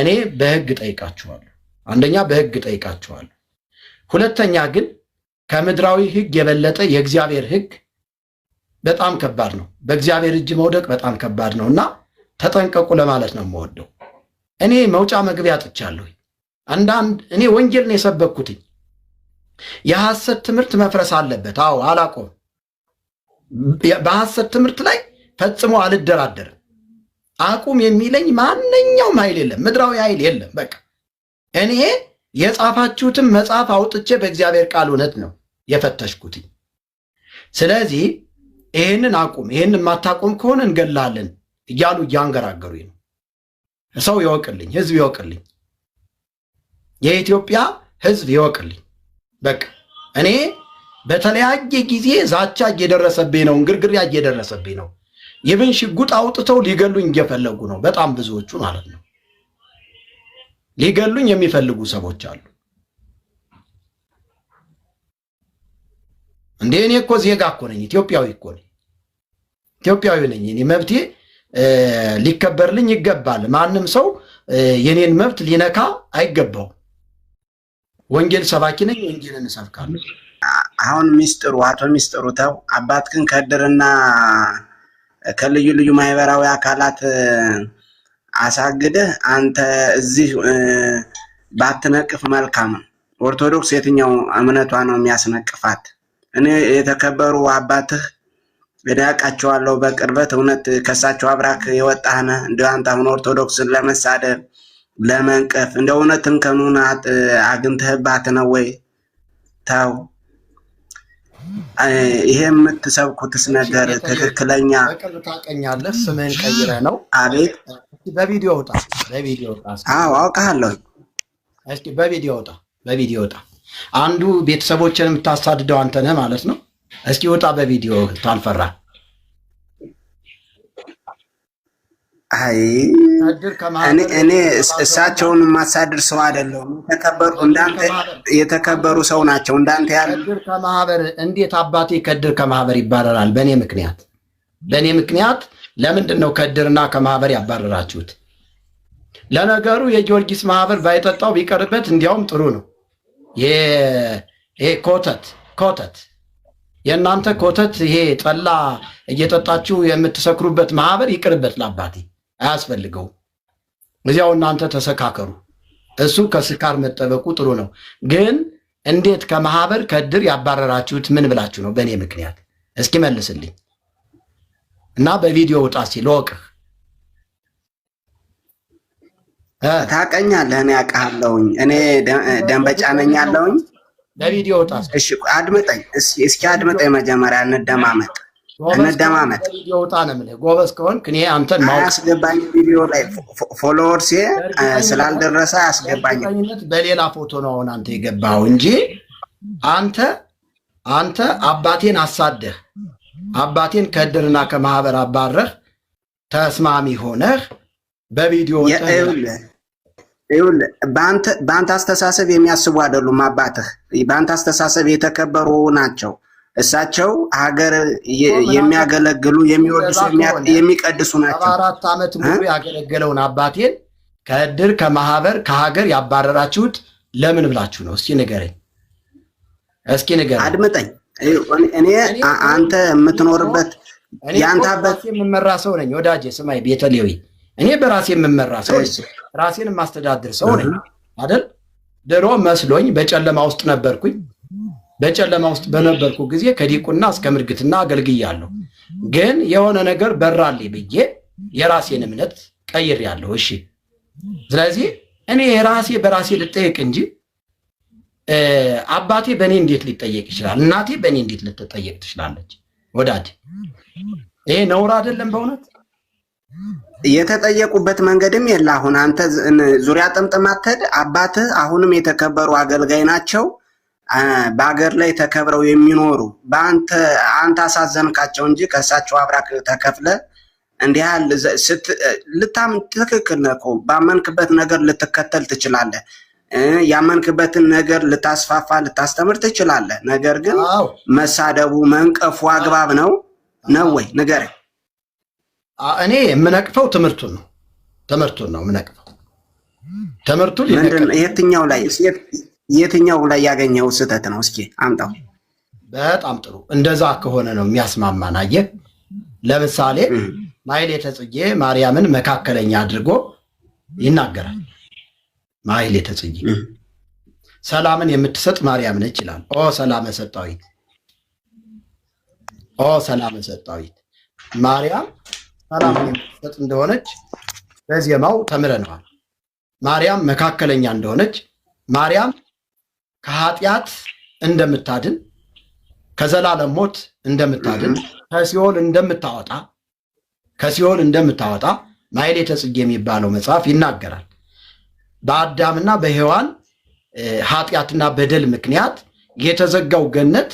እኔ በህግ ጠይቃችኋለሁ። አንደኛ በህግ ጠይቃችኋለሁ። ሁለተኛ ግን ከምድራዊ ህግ የበለጠ የእግዚአብሔር ህግ በጣም ከባድ ነው። በእግዚአብሔር እጅ መውደቅ በጣም ከባድ ነው እና ተጠንቀቁ ለማለት ነው የምወደው። እኔ መውጫ መግቢያ አጥቻለሁ። አንዳንድ እኔ ወንጌል ነው የሰበኩትኝ። የሐሰት ትምህርት መፍረስ አለበት። አዎ አላቆም። በሐሰት ትምህርት ላይ ፈጽሞ አልደራደርም። አቁም የሚለኝ ማንኛውም ኃይል የለም፣ ምድራዊ ኃይል የለም። በቃ እኔ የጻፋችሁትን መጽሐፍ አውጥቼ በእግዚአብሔር ቃል እውነት ነው የፈተሽኩትኝ። ስለዚህ ይህንን አቁም፣ ይህን ማታቁም ከሆነ እንገላለን እያሉ እያንገራገሩ ነው። ሰው ይወቅልኝ፣ ህዝብ ይወቅልኝ፣ የኢትዮጵያ ህዝብ ይወቅልኝ። በቃ እኔ በተለያየ ጊዜ ዛቻ እየደረሰብኝ ነው፣ እንግርግሪያ እየደረሰብኝ ነው። ይህን ሽጉጥ አውጥተው ሊገሉኝ እየፈለጉ ነው። በጣም ብዙዎቹ ማለት ነው። ሊገሉኝ የሚፈልጉ ሰዎች አሉ። እንዴ እኔ እኮ ዜጋ እኮ ነኝ፣ ኢትዮጵያዊ እኮ ነኝ፣ ኢትዮጵያዊ ነኝ። እኔ መብቴ ሊከበርልኝ ይገባል። ማንም ሰው የኔን መብት ሊነካ አይገባው። ወንጌል ሰባኪ ነኝ፣ ወንጌልን እሰብካለሁ። አሁን ሚስጥሩ አቶ ሚስጥሩ ተው አባትክን ከድርና ከልዩ ልዩ ማህበራዊ አካላት አሳግደህ አንተ እዚህ ባትነቅፍ መልካም ነው። ኦርቶዶክስ የትኛው እምነቷ ነው የሚያስነቅፋት? እኔ የተከበሩ አባትህ እዳቃቸዋለሁ በቅርበት እውነት ከሳቸው አብራክ የወጣነ እንደ አንተ አሁን ኦርቶዶክስን ለመሳደብ ለመንቀፍ እንደ እውነትን ከኑን አግኝተህባት ነው ወይ? ተው። ይሄ የምትሰብኩትስ ነገር ትክክለኛ ታቀኛለህ። ስምህን ቀይረህ ነው። አቤት በቪዲዮ ውጣ፣ በቪዲዮ ውጣ። አዎ አውቃለሁ። እስኪ በቪዲዮ ውጣ፣ በቪዲዮ ውጣ። አንዱ ቤተሰቦችን የምታሳድደው አንተ ነህ ማለት ነው። እስኪ ውጣ በቪዲዮ ታልፈራ አይ እኔ እሳቸውን የማሳድር ሰው አይደለሁም። የተከበሩ እንዳንተ የተከበሩ ሰው ናቸው። እንዳንተ ያለ ከድር ከማህበር እንዴት አባቴ ከድር ከማህበር ይባረራል? በእኔ ምክንያት በእኔ ምክንያት ለምንድን ነው ከድርና ከማህበር ያባረራችሁት? ለነገሩ የጊዮርጊስ ማህበር ባይጠጣው ቢቀርበት እንዲያውም ጥሩ ነው። ይሄ ኮተት ኮተት የእናንተ ኮተት ይሄ ጠላ እየጠጣችሁ የምትሰክሩበት ማህበር ይቅርበት ለአባቴ አያስፈልገው። እዚያው እናንተ ተሰካከሩ። እሱ ከስካር መጠበቁ ጥሩ ነው። ግን እንዴት ከማህበር ከእድር ያባረራችሁት ምን ብላችሁ ነው? በእኔ ምክንያት እስኪ መልስልኝ እና በቪዲዮ ውጣ ሲል ወቅህ ታቀኛለህ። እኔ አውቅሃለሁኝ። እኔ ደንበጫ ነኝ ያለሁኝ። በቪዲዮ ውጣ። እሺ አድምጠኝ፣ እስኪ አድምጠኝ። መጀመሪያ እንደማመጥ እንደማመጥ ይወጣ ነው የምልህ። ጎበዝ ከሆንክ እኔ አንተን ማወቅ ቪዲዮ ላይ ፎሎወርስ ስላልደረሰ በሌላ ፎቶ ነው አሁን አንተ እንጂ አንተ አንተ አባቴን አሳደህ አባቴን ከእድርና ከማህበር አባረህ ተስማሚ ሆነህ በቪዲዮ በአንተ አስተሳሰብ የሚያስቡ አይደሉም። አባትህ በአንተ አስተሳሰብ የተከበሩ ናቸው። እሳቸው ሀገር የሚያገለግሉ የሚወዱ የሚቀድሱ ናቸው። አራት ዓመት ሙሉ ያገለገለውን አባቴን ከእድር ከማህበር ከሀገር ያባረራችሁት ለምን ብላችሁ ነው? እስኪ ንገረኝ፣ እስኪ ንገረኝ፣ አድምጠኝ። እኔ አንተ የምትኖርበት የአንተ አባት የምመራ ሰው ነኝ ወዳጄ፣ ስማይ ቤተሌዊ፣ እኔ በራሴ የምመራ ሰው ራሴን የማስተዳድር ሰው ነኝ አይደል? ድሮ መስሎኝ በጨለማ ውስጥ ነበርኩኝ። በጨለማ ውስጥ በነበርኩ ጊዜ ከዲቁና እስከ ምርግትና አገልግያለሁ። ግን የሆነ ነገር በራልኝ ብዬ የራሴን እምነት ቀይሬያለሁ። እሺ፣ ስለዚህ እኔ ራሴ በራሴ ልጠየቅ እንጂ አባቴ በእኔ እንዴት ሊጠየቅ ይችላል? እናቴ በእኔ እንዴት ልትጠየቅ ትችላለች? ወዳጅ ይሄ ነውር አይደለም በእውነት የተጠየቁበት መንገድም የለ። አሁን አንተ ዙሪያ ጥምጥም አትሄድ። አባትህ አሁንም የተከበሩ አገልጋይ ናቸው። በሀገር ላይ ተከብረው የሚኖሩ በአንተ አንተ አሳዘንካቸው እንጂ ከእሳቸው አብራክ ተከፍለ እንዲህ ያህል ልታምን ትክክል ነህ እኮ ባመንክበት ነገር ልትከተል ትችላለህ። ያመንክበትን ነገር ልታስፋፋ ልታስተምር ትችላለህ። ነገር ግን መሳደቡ መንቀፉ አግባብ ነው ነው ወይ ንገረኝ። እኔ የምነቅፈው ትምህርቱን ነው ትምህርቱን ነው የምነቅፈው ትምህርቱ የትኛው ላይ የትኛው ላይ ያገኘው ስህተት ነው? እስኪ አምጣው። በጣም ጥሩ። እንደዛ ከሆነ ነው የሚያስማማን። አየህ፣ ለምሳሌ ማህሌተ ጽጌ ማርያምን መካከለኛ አድርጎ ይናገራል። ማህሌተ ጽጌ ሰላምን የምትሰጥ ማርያም ነች ይላል። ኦ ሰላመ ሰጣዊት፣ ኦ ሰላመ ሰጣዊት ማርያም ሰላምን የምትሰጥ እንደሆነች በዜማው ተምረነዋል። ማርያም መካከለኛ እንደሆነች ማርያም ከኃጢአት እንደምታድን ከዘላለም ሞት እንደምታድን ከሲኦል እንደምታወጣ ከሲኦል እንደምታወጣ ማኅሌተ ጽጌ የሚባለው መጽሐፍ ይናገራል። በአዳምና በሔዋን ኃጢአትና በደል ምክንያት የተዘጋው ገነት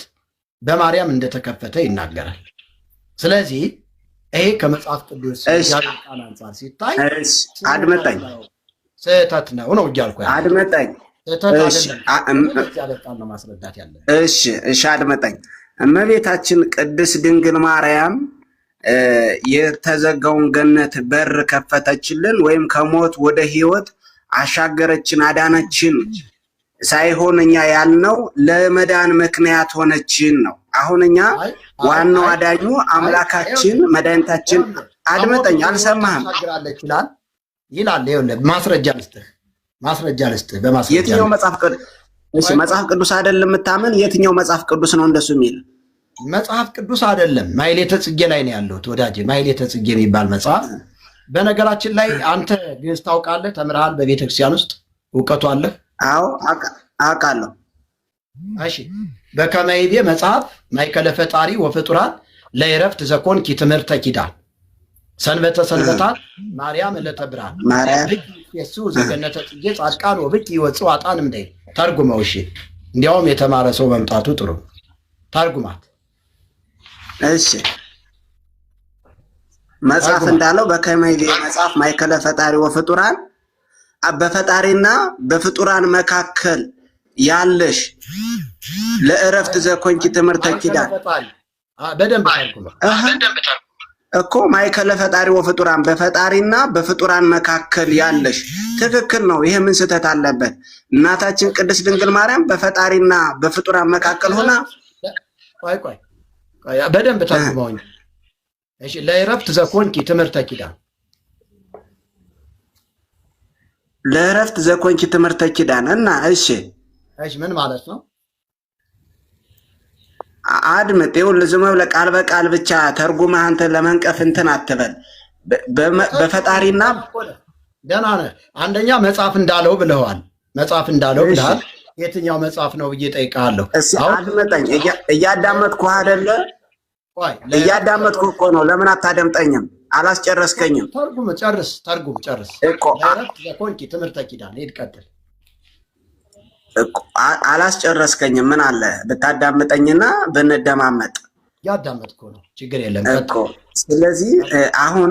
በማርያም እንደተከፈተ ይናገራል። ስለዚህ ይሄ ከመጽሐፍ ቅዱስ አንጻር ሲታይ አድመጠኝ ስህተት ነው ነው እያልኩ አድመጠኝ እሺ እሺ፣ አድመጠኝ። እመቤታችን ቅድስ ድንግል ማርያም የተዘጋውን ገነት በር ከፈተችልን ወይም ከሞት ወደ ህይወት አሻገረችን አዳነችን ሳይሆን እኛ ያልነው ለመዳን ምክንያት ሆነችን ነው። አሁን እኛ ዋናው አዳኙ አምላካችን መድኃኒታችን። አድመጠኝ፣ አልሰማህም ይላል። ማስረጃ ልስጥህ ማስረጃ ልስጥ። በማስረጃ የትኛው መጽሐፍ ቅዱስ? መጽሐፍ ቅዱስ አይደለም የምታምን፣ የትኛው መጽሐፍ ቅዱስ ነው እንደሱ የሚል? መጽሐፍ ቅዱስ አይደለም። ማሕሌተ ጽጌ ላይ ነው ያለሁት ወዳጄ። ማሕሌተ ጽጌ የሚባል መጽሐፍ። በነገራችን ላይ አንተ ግዕዝ ታውቃለህ? ተምረሃል? ክርስቲያን ውስጥ እውቀቱ አለህ? አዎ አውቃለሁ። እሺ በከመ ይቤ መጽሐፍ ማእከለ ፈጣሪ ወፍጡራን ለዕረፍት ዘኮንኪ ትምህርተ ኪዳን ሰንበተ ሰንበታት ማርያም ዕለተ ብርሃን የሱ ዘገነተ ጽጌ ጻድቃን ወብቅ ይወፁ አጣን ደ ተርጉመው። እሺ እንዲያውም የተማረ ሰው መምጣቱ ጥሩ። ተርጉማት። እሺ መጽሐፍ እንዳለው በከመ ይቤ መጽሐፍ ማእከለ ፈጣሪ ወፍጡራን በፈጣሪና በፍጡራን መካከል ያለሽ ለእረፍት ዘኮንኪ ትምህርት ኪዳን በደንብ ተርጉማ እኮ ማይከለ ፈጣሪ ወፍጡራን በፈጣሪና በፍጡራን መካከል ያለሽ ትክክል ነው። ይሄ ምን ስህተት አለበት? እናታችን ቅድስት ድንግል ማርያም በፈጣሪና በፍጡራን መካከል ሆና በደንብ ታስበውኝ። ለእረፍት ዘኮንኪ ትምህርተ ኪዳን ለእረፍት ዘኮንኪ ትምህርተ ኪዳን እና እሺ እሺ ምን ማለት ነው? አድምጥ። ይኸውልህ ዝም ብለህ ቃል በቃል ብቻ ተርጉመህ አንተ ለመንቀፍ እንትን አትበል። በፈጣሪና ደህና ነህ። አንደኛ መጽሐፍ እንዳለው ብለዋል። መጽሐፍ እንዳለው ብለሃል። የትኛው መጽሐፍ ነው ብዬ እጠይቅሃለሁ። አድምጠኝ። እያዳመጥኩህ አደለ? እያዳመጥኩ እኮ ነው። ለምን አታደምጠኝም? አላስጨረስከኝም። ተርጉም ጨርስ። ተርጉም ጨርስ እኮ ዘኮንኪ ትምህርተ ኪዳን ሄድ ቀጥል። አላስጨረስከኝ። ምን አለ ብታዳምጠኝና ብንደማመጥ። ያዳመጥኩ ነው፣ ችግር የለም እኮ። ስለዚህ አሁን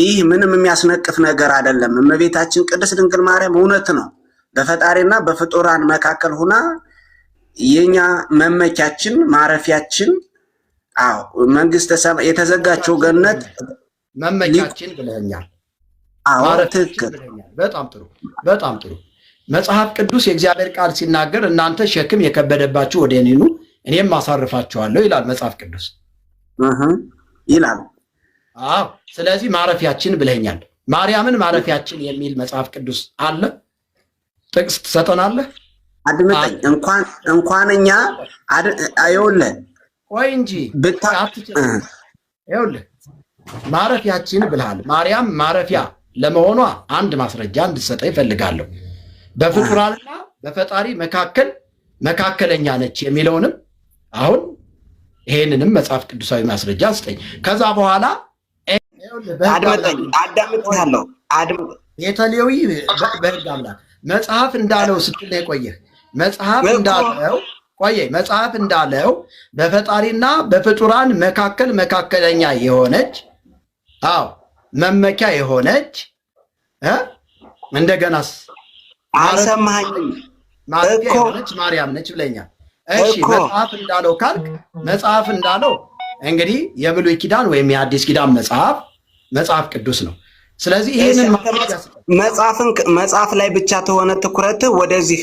ይህ ምንም የሚያስነቅፍ ነገር አይደለም። እመቤታችን ቅድስት ድንግል ማርያም እውነት ነው በፈጣሪና በፍጡራን መካከል ሁና የኛ መመኪያችን ማረፊያችን፣ አዎ መንግስተ ሰማይ የተዘጋችው ገነት መመኪያችን ብለኛል። አዎ ትክክል። በጣም ጥሩ፣ በጣም ጥሩ። መጽሐፍ ቅዱስ የእግዚአብሔር ቃል ሲናገር እናንተ ሸክም የከበደባችሁ ወደ እኔ ኑ እኔም አሳርፋችኋለሁ ይላል መጽሐፍ ቅዱስ ይላል። አዎ። ስለዚህ ማረፊያችን ብለኛል። ማርያምን ማረፊያችን የሚል መጽሐፍ ቅዱስ አለ። ጥቅስ ትሰጠናለህ? አድምጠኝ። እንኳን እንኳን እኛ እንጂ ይኸውልህ፣ ማረፊያችን ብልሃል። ማርያም ማረፊያ ለመሆኗ አንድ ማስረጃ እንድትሰጠ ይፈልጋለሁ። በፍጡራንና በፈጣሪ መካከል መካከለኛ ነች የሚለውንም አሁን ይሄንንም መጽሐፍ ቅዱሳዊ ማስረጃ አስጠኝ። ከዛ በኋላ አዳምጥሃለሁ። የተሌዊ በህግ አምላክ መጽሐፍ እንዳለው ስትል የቆየህ መጽሐፍ እንዳለው ቆየ መጽሐፍ እንዳለው በፈጣሪና በፍጡራን መካከል መካከለኛ የሆነች አዎ መመኪያ የሆነች እንደገናስ አልሰማኸኝም። እኮ ማርያም ነች ብለኛል። እሺ መጽሐፍ እንዳለው ካልክ መጽሐፍ እንዳለው እንግዲህ የብሉይ ኪዳን ወይም የአዲስ ኪዳን መጽሐፍ መጽሐፍ ቅዱስ ነው። ስለዚህ ይህንን መጽሐፍን መጽሐፍ ላይ ብቻ ተሆነ ትኩረት ወደዚህ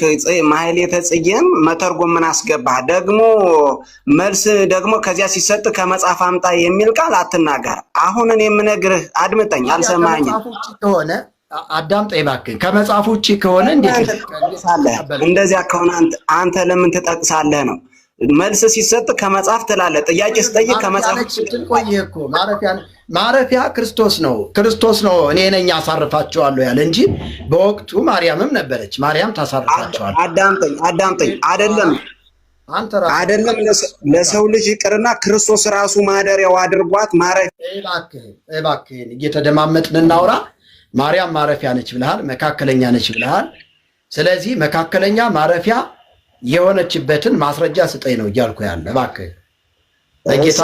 ማህሌተ ጽጌም መተርጎም ምን አስገባህ? ደግሞ መልስ ደግሞ ከዚያ ሲሰጥ ከመጽሐፍ አምጣ የሚል ቃል አትናገር። አሁን እኔ የምነግርህ አድምጠኝ። አልሰማኝም አዳምጠኝ እባክህ። ከመጽሐፍ ውጭ ከሆነ እንደዚያ ከሆነ አንተ ለምን ትጠቅሳለህ ነው መልስ ሲሰጥ ከመጽሐፍ ትላለህ። ጥያቄ ስጠይቅ ከመጽሐፍ ቆይህ እኮ ማረፊያ ክርስቶስ ነው፣ ክርስቶስ ነው። እኔ ነኝ አሳርፋቸዋለሁ ያለ እንጂ በወቅቱ ማርያምም ነበረች። ማርያም ታሳርፋቸዋለሁ። አዳምጠኝ አዳምጠኝ። አይደለም አይደለም፣ ለሰው ልጅ ይቅርና ክርስቶስ ራሱ ማደሪያው አድርጓት ማረፊያ። እባክህን እየተደማመጥን እናውራ። ማርያም ማረፊያ ነች ብለሃል፣ መካከለኛ ነች ብለሃል። ስለዚህ መካከለኛ ማረፊያ የሆነችበትን ማስረጃ ስጠኝ ነው እያልኩ ያለ። እባክህ በጌታ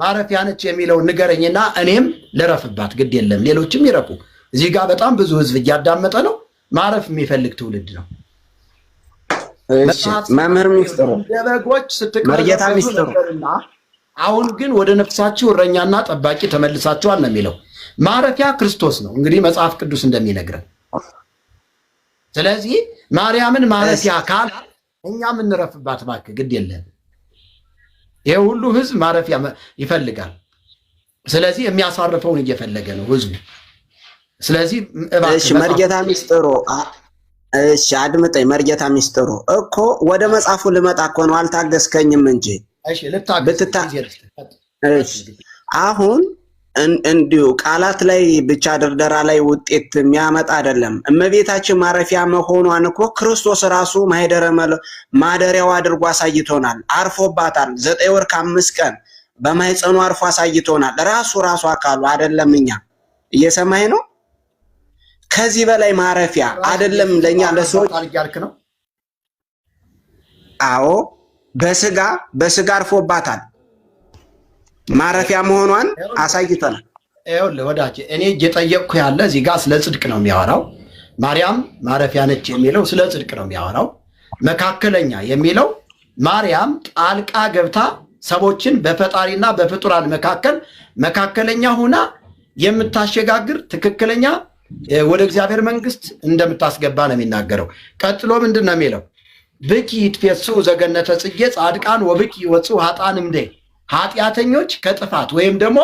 ማረፊያ ነች የሚለው ንገረኝና እኔም ልረፍባት። ግድ የለም ሌሎችም ይረፉ። እዚህ ጋር በጣም ብዙ ህዝብ እያዳመጠ ነው። ማረፍ የሚፈልግ ትውልድ ነው። መምህር ሚስጥሩ በጎች ስትቀመጡ ነበርና አሁን ግን ወደ ነፍሳችሁ እረኛና ጠባቂ ተመልሳችኋል ነው የሚለው ማረፊያ ክርስቶስ ነው። እንግዲህ መጽሐፍ ቅዱስ እንደሚነግረን ስለዚህ ማርያምን ማረፊያ ካል እኛ የምንረፍባት እባክህ ግድ የለን። ይሄ ሁሉ ህዝብ ማረፊያ ይፈልጋል። ስለዚህ የሚያሳርፈውን እየፈለገ ነው ህዝቡ። ስለዚህ መርጌታ ሚስጥሩ እሺ፣ አድምጠኝ። መርጌታ ሚስጥሩ እኮ ወደ መጽሐፉ ልመጣ እኮ ነው፣ አልታገስከኝም እንጂ ብትታ አሁን እንዲሁ ቃላት ላይ ብቻ ድርደራ ላይ ውጤት የሚያመጣ አይደለም። እመቤታችን ማረፊያ መሆኗን እኮ ክርስቶስ ራሱ ማህደረ ማደሪያው አድርጎ አሳይቶናል። አርፎባታል። ዘጠኝ ወር ከአምስት ቀን በማይፀኑ አርፎ አሳይቶናል። ራሱ ራሱ አካሉ አይደለም። እኛ እየሰማይ ነው? ከዚህ በላይ ማረፊያ አይደለም ለእኛ ለሰዎች ነው። አዎ በስጋ በስጋ አርፎባታል። ማረፊያ መሆኗን አሳይተናል። ይኸውልህ ወዳጅ፣ እኔ እየጠየቅኩ ያለ እዚህ ጋር ስለ ጽድቅ ነው የሚያወራው። ማርያም ማረፊያ ነች የሚለው ስለ ጽድቅ ነው የሚያወራው። መካከለኛ የሚለው ማርያም ጣልቃ ገብታ ሰዎችን በፈጣሪና በፍጡራን መካከል መካከለኛ ሆና የምታሸጋግር ትክክለኛ ወደ እግዚአብሔር መንግስት እንደምታስገባ ነው የሚናገረው። ቀጥሎ ምንድን ነው የሚለው? ብኪ ይትፌሱ ዘገነተ ጽጌ ጻድቃን ወብኪ ወፁ ሀጣን እምዴ ኃጢአተኞች ከጥፋት ወይም ደግሞ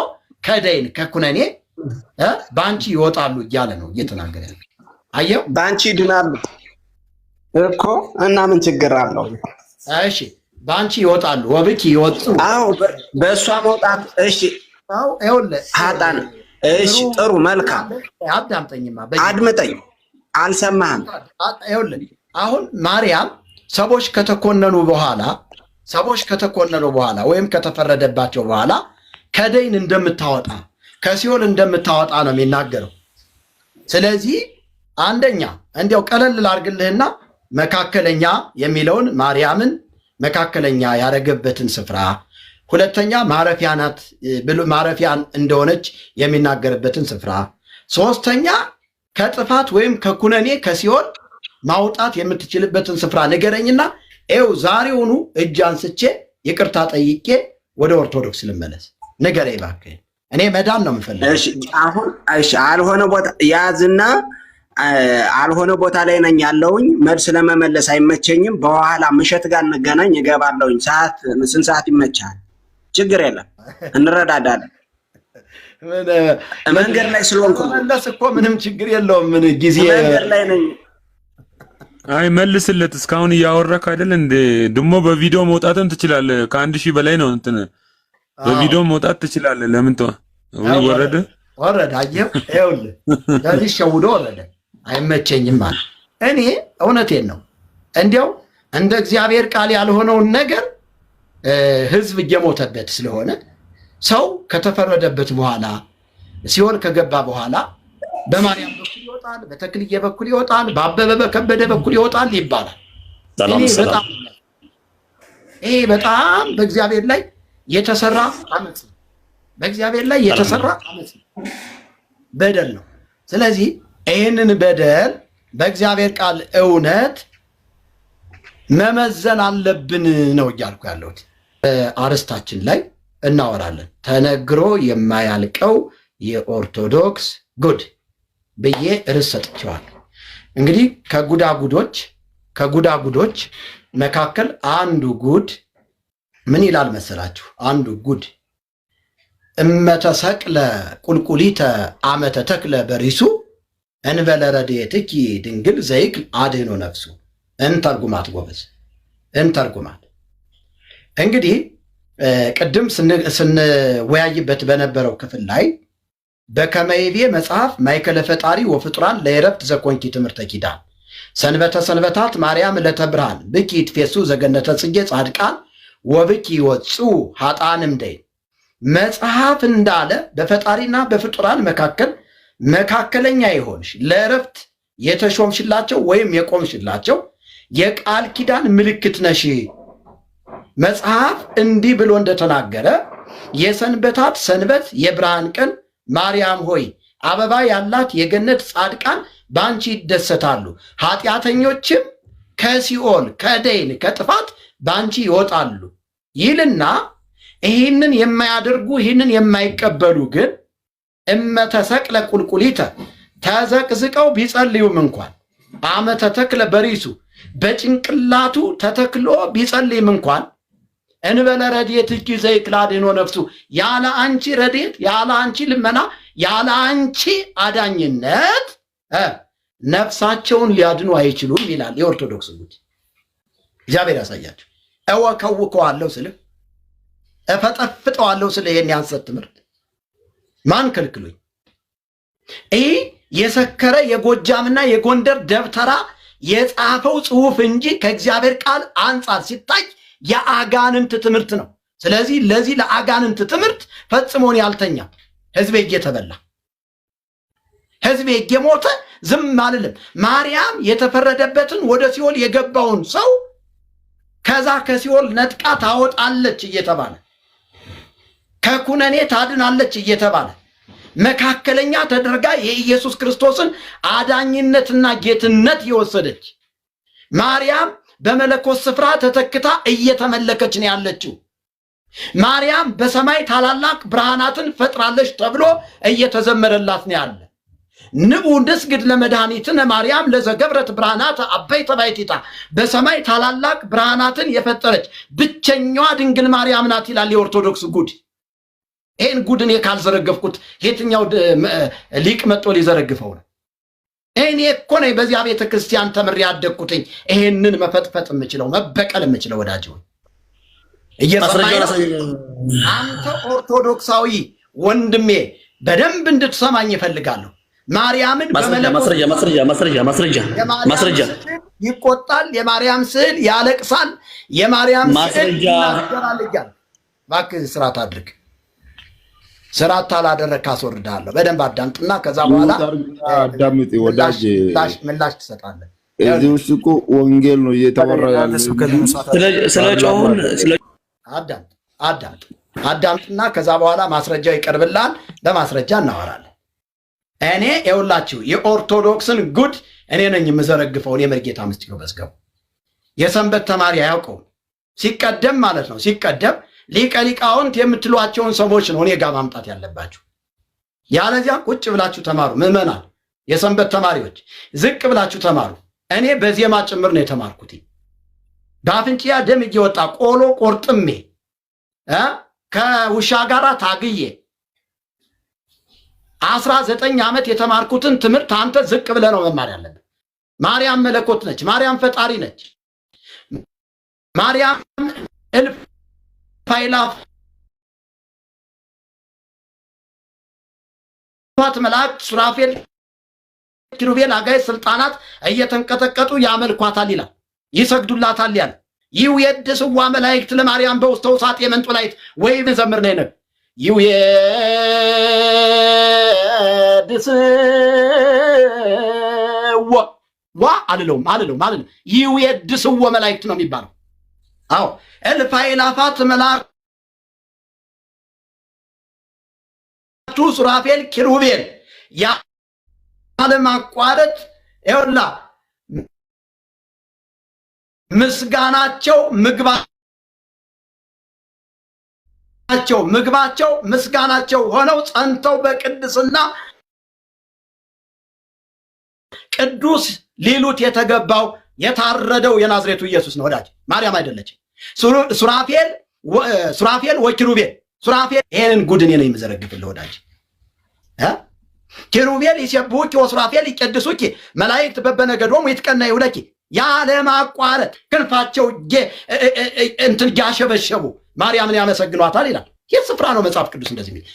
ከደይን ከኩነኔ በአንቺ ይወጣሉ እያለ ነው እየተናገረ አየው። በአንቺ ይድናሉ እኮ እና ምን ችግር አለው? እሺ በአንቺ ይወጣሉ፣ ወብኪ ይወጡ። አዎ በእሷ መውጣት። እሺ ሀጣን። እሺ ጥሩ መልካም። አዳምጠኝማ፣ አድምጠኝ። አልሰማህም? ይኸውልህ አሁን ማርያም ሰዎች ከተኮነኑ በኋላ ሰዎች ከተኮነኑ በኋላ ወይም ከተፈረደባቸው በኋላ ከደይን እንደምታወጣ ከሲኦል እንደምታወጣ ነው የሚናገረው። ስለዚህ አንደኛ እንዲያው ቀለል ላርግልህና መካከለኛ የሚለውን ማርያምን መካከለኛ ያረገበትን ስፍራ፣ ሁለተኛ ማረፊያ ናት ማረፊያን እንደሆነች የሚናገርበትን ስፍራ፣ ሶስተኛ ከጥፋት ወይም ከኩነኔ ከሲኦል ማውጣት የምትችልበትን ስፍራ ንገረኝና ኤው ዛሬውኑ እጅ አንስቼ ይቅርታ ጠይቄ ወደ ኦርቶዶክስ ልመለስ። ነገር እባክህ። እኔ መዳን ነው የምፈልገው። አሁን አልሆነ ቦታ ያዝና አልሆነ ቦታ ላይ ነኝ ያለውኝ። መልስ ለመመለስ አይመቸኝም። በኋላ ምሸት ጋር እንገናኝ፣ እገባለሁኝ። ሰዓት ስንት ሰዓት ይመቻል? ችግር የለም እንረዳዳለን። መንገድ ላይ ስለሆንኩ መለስ እኮ ምንም ችግር የለውም። ምን ጊዜ መንገድ ላይ ነኝ አይ መልስለት። እስካሁን እያወራክ አይደል እንዴ? ድሞ በቪዲዮ መውጣትም ትችላለህ። ከአንድ ሺህ በላይ ነው እንትን በቪዲዮ መውጣት ትችላለህ። ለምን ተው ወይ ወረደ ወረደ። አየህ፣ ይኸውልህ ለዚህ ሸውዶ ወረደ። አይመቸኝም አለ። እኔ እውነቴን ነው። እንዲያው እንደ እግዚአብሔር ቃል ያልሆነውን ነገር ህዝብ እየሞተበት ስለሆነ ሰው ከተፈረደበት በኋላ ሲሆን ከገባ በኋላ በማርያም ይወጣል፣ በተክልዬ በኩል ይወጣል፣ በአበበ በከበደ በኩል ይወጣል ይባላል። ይሄ በጣም በእግዚአብሔር ላይ የተሰራ አመፅ ነው። በእግዚአብሔር ላይ የተሰራ አመፅ ነው፣ በደል ነው። ስለዚህ ይህንን በደል በእግዚአብሔር ቃል እውነት መመዘን አለብን ነው እያልኩ ያለሁት። አርስታችን ላይ እናወራለን። ተነግሮ የማያልቀው የኦርቶዶክስ ጉድ ብዬ ርዕስ ሰጥቼዋለሁ። እንግዲህ ከጉዳጉዶች ከጉዳጉዶች መካከል አንዱ ጉድ ምን ይላል መሰላችሁ? አንዱ ጉድ እመተሰቅለ ቁልቁሊተ አመተ ተክለ በሪሱ እንበለ ረድኤትኪ ድንግል ዘይክል አድህኖ ነፍሱ። እንተርጉማት ጎበዝ፣ እንተርጉማት። እንግዲህ ቅድም ስንወያይበት በነበረው ክፍል ላይ በከመይቤ መጽሐፍ ማይከለ ፈጣሪ ወፍጡራን ለይረፍት ዘኮንኪ ትምህርተ ኪዳን ሰንበተ ሰንበታት ማርያም ለተብርሃን ብኪ ትፌሱ ዘገነተ ጽጌ ጻድቃን ወብኪ ወፁ ሀጣንም ደይ መጽሐፍ እንዳለ በፈጣሪና በፍጡራን መካከል መካከለኛ የሆንሽ ለእረፍት የተሾምሽላቸው ወይም የቆምሽላቸው የቃል ኪዳን ምልክት ነሽ። መጽሐፍ እንዲህ ብሎ እንደተናገረ የሰንበታት ሰንበት የብርሃን ቀን ማርያም ሆይ አበባ ያላት የገነት ጻድቃን በአንቺ ይደሰታሉ፣ ኃጢአተኞችም ከሲኦል ከደይን ከጥፋት በአንቺ ይወጣሉ ይልና ይህንን የማያደርጉ ይህንን የማይቀበሉ ግን እመተሰቅለ ቁልቁሊተ ተዘቅዝቀው ቢጸልዩም እንኳን አመተተክለ በሪሱ በጭንቅላቱ ተተክሎ ቢጸልይም እንኳን እንበለ ረድኤትኪ ዘይክላዴኖ ነፍሱ፣ ያለ አንቺ ረድኤት፣ ያለ አንቺ ልመና፣ ያለ አንቺ አዳኝነት ነፍሳቸውን ሊያድኑ አይችሉም ይላል የኦርቶዶክስ ጉት እግዚአብሔር ያሳያቸው። እወከውከዋለሁ ስል እፈጠፍጠዋለሁ ስለ ይህን ያንሰት ትምህርት ማን ከልክሉኝ ይህ የሰከረ የጎጃምና የጎንደር ደብተራ የጻፈው ጽሁፍ እንጂ ከእግዚአብሔር ቃል አንጻር ሲታይ የአጋንንት ትምህርት ነው። ስለዚህ ለዚህ ለአጋንንት ትምህርት ፈጽሞን ያልተኛ ህዝቤ እየተበላ ህዝቤ እየሞተ ዝም አልልም። ማርያም የተፈረደበትን ወደ ሲኦል የገባውን ሰው ከዛ ከሲኦል ነጥቃ ታወጣለች እየተባለ ከኩነኔ ታድናለች እየተባለ መካከለኛ ተደርጋ የኢየሱስ ክርስቶስን አዳኝነትና ጌትነት የወሰደች ማርያም በመለኮት ስፍራ ተተክታ እየተመለከች ነው ያለችው። ማርያም በሰማይ ታላላቅ ብርሃናትን ፈጥራለች ተብሎ እየተዘመረላት ነው ያለ። ንቡ ንስግድ ለመድኃኒትነ ማርያም ለዘገብረት ብርሃናት አበይተ ባሕቲታ፣ በሰማይ ታላላቅ ብርሃናትን የፈጠረች ብቸኛዋ ድንግል ማርያም ናት ይላል የኦርቶዶክስ ጉድ። ይህን ጉድን ካልዘረገፍኩት የትኛው ሊቅ መጥቶ ሊዘረግፈው ነው? እኔ እኮ ነኝ በዚያ ቤተ ክርስቲያን ተምሬ ያደግኩትኝ ይሄንን መፈጥፈጥ የምችለው መበቀል የምችለው ወዳጅ ሆይ እየሰማኝ አንተ ኦርቶዶክሳዊ ወንድሜ በደንብ እንድትሰማኝ ይፈልጋለሁ። ማርያምን ማስረጃ ይቆጣል። የማርያም ስዕል ያለቅሳል። የማርያም ስዕል ይናገራል። እባክህ ስርዓት አድርግ። ስራ አላደረግ ካስወርድሃለሁ። በደንብ አዳምጥና ከዛ በኋላ አዳምጥ ወዳጅ ምላሽ ትሰጣለህ። እዚህ ውስጥ እኮ ወንጌል ነው እየተወራ ያለ። አዳምጥ አዳምጥ አዳምጥና ከዛ በኋላ ማስረጃው ይቀርብልሃል። በማስረጃ እናወራለን። እኔ የውላችሁ የኦርቶዶክስን ጉድ እኔ ነኝ የምዘረግፈውን የመርጌታ መርጌታ ምስጢሩ መዝገቡ የሰንበት ተማሪ አያውቀውም። ሲቀደም ማለት ነው ሲቀደም ሊቀ ሊቃውንት የምትሏቸውን ሰዎች ነው እኔ ጋር ማምጣት ያለባችሁ። ያለዚያ ቁጭ ብላችሁ ተማሩ። ምዕመናን፣ የሰንበት ተማሪዎች ዝቅ ብላችሁ ተማሩ። እኔ በዜማ ጭምር ነው የተማርኩት። በአፍንጫያ ደም እየወጣ ቆሎ ቆርጥሜ ከውሻ ጋር ታግዬ አስራ ዘጠኝ ዓመት የተማርኩትን ትምህርት አንተ ዝቅ ብለህ ነው መማር ያለብን ማርያም መለኮት ነች። ማርያም ፈጣሪ ነች። ማርያም እልፍ ፓይላፋት መላእክት፣ ሱራፌል፣ ኪሩቤል፣ አጋይ ስልጣናት እየተንቀጠቀጡ ያመልኳታል ይላል። ይሰግዱላታል ያለ ይውየድስዋ መላእክት ለማርያም በውስተ ውሳጤ የመንጡ ላይት ወይ ዘምር ነው ይነግ የድስዋ ዋ አልለውም አልለውም አልለውም ይውየድስዋ መላእክት ነው የሚባለው አዎ እልፍ አእላፋት መላእክቱ ሱራፌል ኪሩቤል ያለማቋረጥ ይኸውላ ምስጋናቸው ምግባቸው ምግባቸው ምስጋናቸው ሆነው ጸንተው በቅድስና ቅዱስ ሊሉት የተገባው የታረደው የናዝሬቱ ኢየሱስ ነው ወዳጅ፣ ማርያም አይደለችም። ሱራፌል ሱራፌል ወይ ኪሩቤል ሱራፌል ይሄንን ጉድ እኔ ነው የምዘረግፍልህ ወዳጅ። ኪሩቤል ይሴብሑኪ ወሱራፌል ይቀድሱኪ መላእክት በበነገዶሙ ይትቀነዩ ለኪ ያለማቋረጥ ክንፋቸው እንትን ያሸበሸቡ ማርያምን ያመሰግኗታል ይላል። ይህ ስፍራ ነው መጽሐፍ ቅዱስ እንደዚህ የሚል